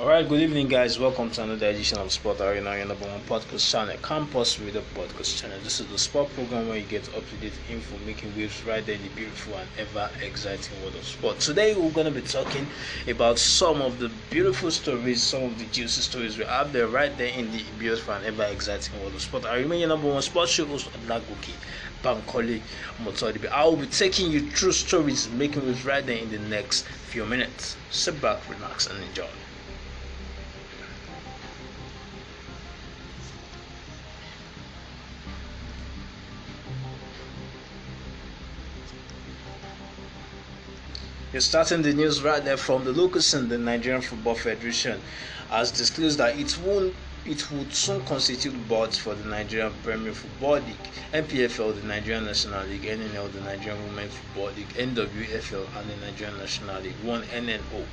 Alright, good evening, guys. Welcome to another edition of Sport Arena, your number one podcast channel, Campus Radio Podcast Channel. This is the sport program where you get up to date info, making waves right there in the beautiful and ever exciting world of sport. Today, we're going to be talking about some of the beautiful stories, some of the juicy stories we have there right there in the beautiful and ever exciting world of sport. I remain your number one sports show host, Adnagoki Bankole I will be taking you through stories, making waves right there in the next few minutes. Sit back, relax, and enjoy. You're starting the news right there from the locus in the Nigerian Football Federation has disclosed that it won't it would soon constitute boards for the Nigerian Premier Football League, NPFL, the Nigerian National League, NNL, the Nigerian Women Football League, NWFL, and the Nigerian National League, one NNO.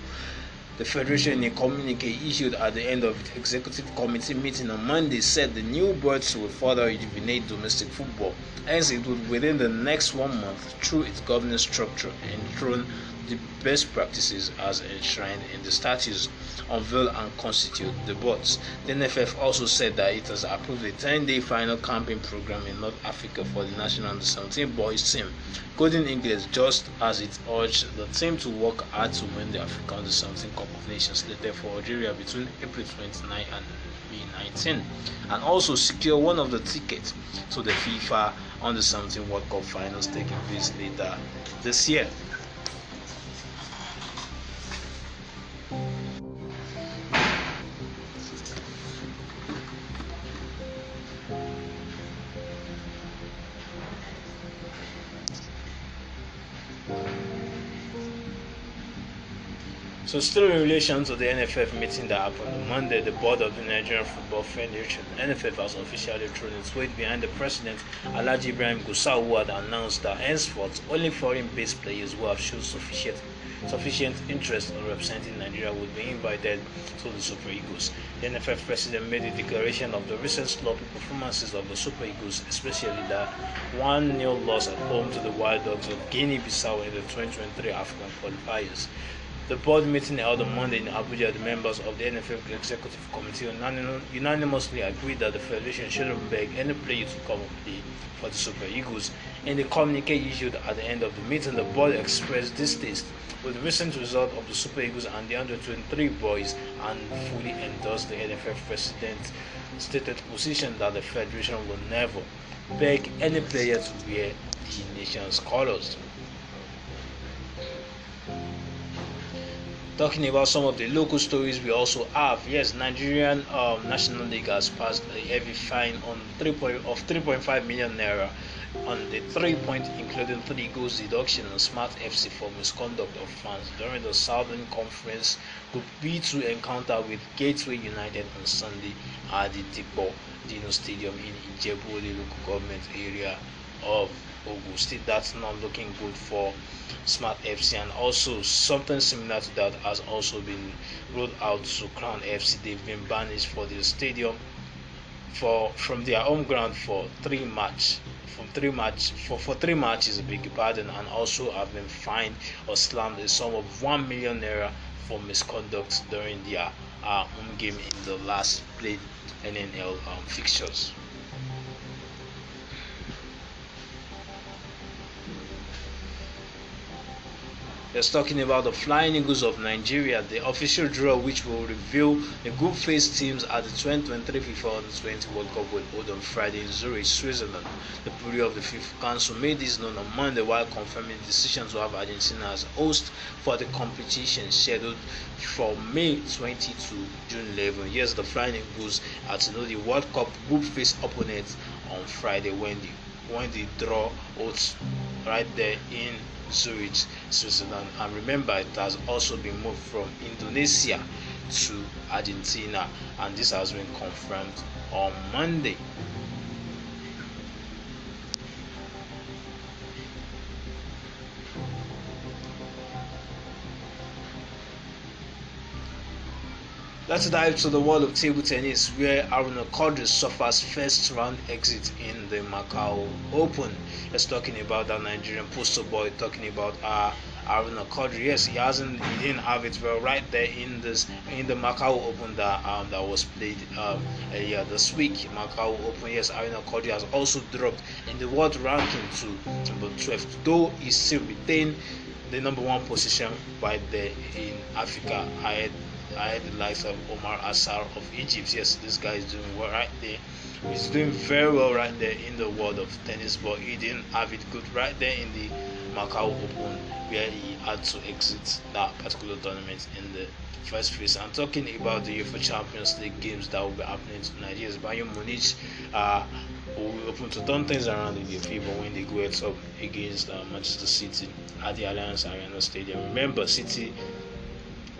The Federation, in a communique issued at the end of its executive committee meeting on Monday, said the new boards will further rejuvenate domestic football, as it would within the next one month, through its governance structure, enthrone the best practices as enshrined in the statutes, unveil and constitute the boards. The NFF also said that it has approved a 10 day final camping program in North Africa for the national under 17 boys team. in English, just as it urged the team to work hard to win the Africa under 17 Cup of Nations later for Algeria between April 29 and May 19, and also secure one of the tickets to the FIFA under 17 World Cup finals taking place later this year. So, still in relation to the NFF meeting that happened on Monday, the board of the Nigerian Football Federation, NFF, has officially thrown its weight behind the president, Alhaji Ibrahim Gusau, who had announced that henceforth only foreign based players who have shown sufficient sufficient interest in representing Nigeria would be invited to the Super Eagles. The NFF president made a declaration of the recent sloppy performances of the Super Eagles, especially that 1 nil loss at home to the Wild Dogs of Guinea Bissau in the 2023 African qualifiers. The board meeting held on Monday in Abuja, the members of the NFF Executive Committee unanimously agreed that the Federation shouldn't beg any player to come and for the Super Eagles. In the communique issued at the end of the meeting, the board expressed distaste with the recent result of the Super Eagles and the under 23 boys and fully endorsed the NFF president's stated position that the Federation will never beg any player to wear the nation's colors. talking about some of the local stories we also have yes nigerian um, national league has passed a heavy fine on 3 point, of 3.5 million naira on the three point including three goals deduction on smart fc for misconduct of fans during the southern conference group b2 encounter with gateway united on sunday at the depot dino stadium in ijebu local government area of Ogu. Still, that's not looking good for Smart FC, and also something similar to that has also been rolled out to Crown FC. They've been banished for the stadium for from their home ground for three match from three match for, for three matches big pardon and also have been fined or slammed a sum of one million naira for misconduct during their uh, home game in the last played NNL um, fixtures. It's talking about the Flying Eagles of Nigeria, the official draw which will reveal the group phase teams at the 2023 FIFA Under-20 World Cup will hold on Friday in Zurich, Switzerland. The Bureau of the FIFA Council made this known on Monday while confirming the decision to have Argentina as host for the competition scheduled for May 20 to June 11. Yes, the Flying Eagles are to know the World Cup group phase opponents on Friday when the when the draw holds right there in Zurich, Switzerland. And remember, it has also been moved from Indonesia to Argentina, and this has been confirmed on Monday. Let's dive to the world of table tennis where Aruna Kodri suffers first round exit in the Macau Open. It's talking about that Nigerian postal boy, talking about uh, Aruna Kodri. Yes, he hasn't, he didn't have it well right there in this in the Macau Open that um, that was played um, yeah this week. Macau Open, yes, Aruna Kodri has also dropped in the world ranking to number 12, though he still retained the number one position right there in Africa I, had the likes of Omar Asar of Egypt. Yes, this guy is doing well right there. He's doing very well right there in the world of tennis, but he didn't have it good right there in the Macau Open, where he had to exit that particular tournament in the first place. I'm talking about the UEFA Champions League games that will be happening tonight. Yes, Bayern Munich uh, will be open to turn things around in the favor when they go up against uh, Manchester City at the Alliance Arena Stadium. Remember, City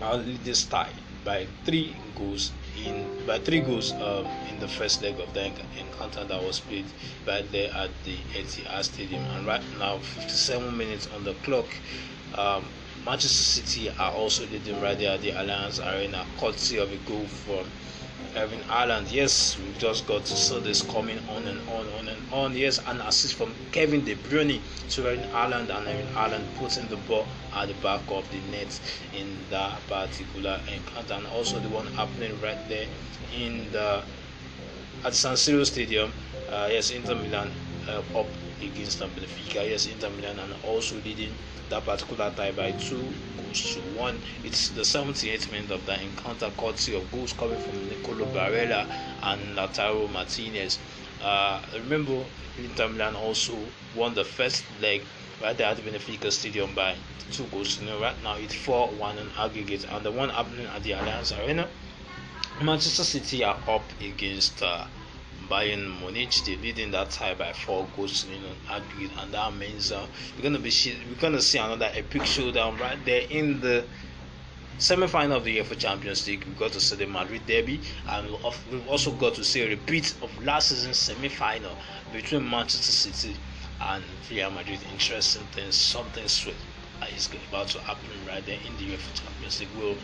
are this tie by three goals in by three goals um, in the first leg of the encounter that was played by there at the ATR Stadium. And right now, 57 minutes on the clock. Um, Manchester City are also leading right there at the Alliance Arena, courtesy of a goal from Irving Ireland. Yes, we've just got to see this coming on and on, on and on. Yes, an assist from Kevin De Bruyne to Irving Ireland, and Irving Ireland putting the ball at the back of the net in that particular encounter, and also the one happening right there in the at San Siro Stadium. Uh, yes, Inter Milan uh, up against Benfica. Yes, Inter Milan and also leading that particular tie by two goals to one. It's the 78th minute of the encounter, courtesy of goals coming from Nicolo Barella and Lautaro Martinez. Uh, remember, Inter Milan also won the first leg right there at Benfica Stadium by two goals to nil. Right now, it's 4 1 on aggregate, and the one happening at the Alliance Arena. Manchester City are up against. Uh, Bayern Munich. They're leading that tie by four goals to none and that means uh, we're gonna be we're gonna see another epic showdown right there in the semi-final of the UEFA Champions League. We got to see the Madrid derby, and we've also got to see a repeat of last season's semi-final between Manchester City and Real Madrid. Interesting things, something sweet is about to happen right there in the UEFA Champions League. We'll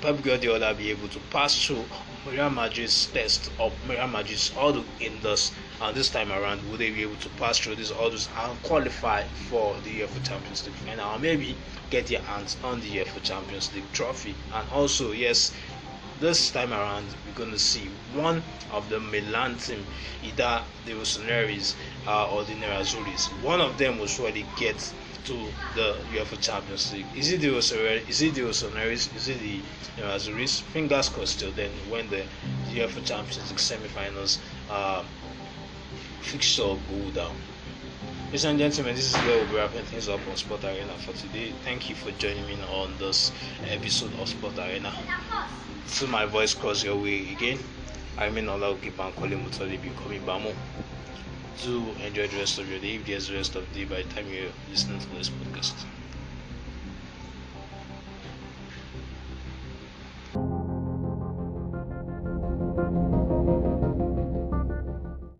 Pep Guardiola be able to pass through Real Madrid's test of Real Madrid's hurdle in this and uh, this time around will they be able to pass through these hurdles and qualify for the UEFA Champions League final or maybe get their hands on the UEFA Champions League trophy and also yes this time around, we're going to see one of the Milan team, either the Rossoneri's uh, or the Nerazzurri's. One of them will surely get to the UEFA Champions League. Is it the Rossoneri's? Is it the Rossoneri's? Is it the Nerazzurri's? Fingers crossed till then when the UEFA Champions League semi-finals uh, fixture go down. Ladies and gentlemen, this is where we'll be wrapping things up on Sport Arena for today. Thank you for joining me on this episode of Sport Arena. Till my voice cross your way again, I'm in Allah Ukipan Kole Mutalibi coming Bamo. Do enjoy the rest of your day if there's the rest of the day by the time you're listening to this podcast.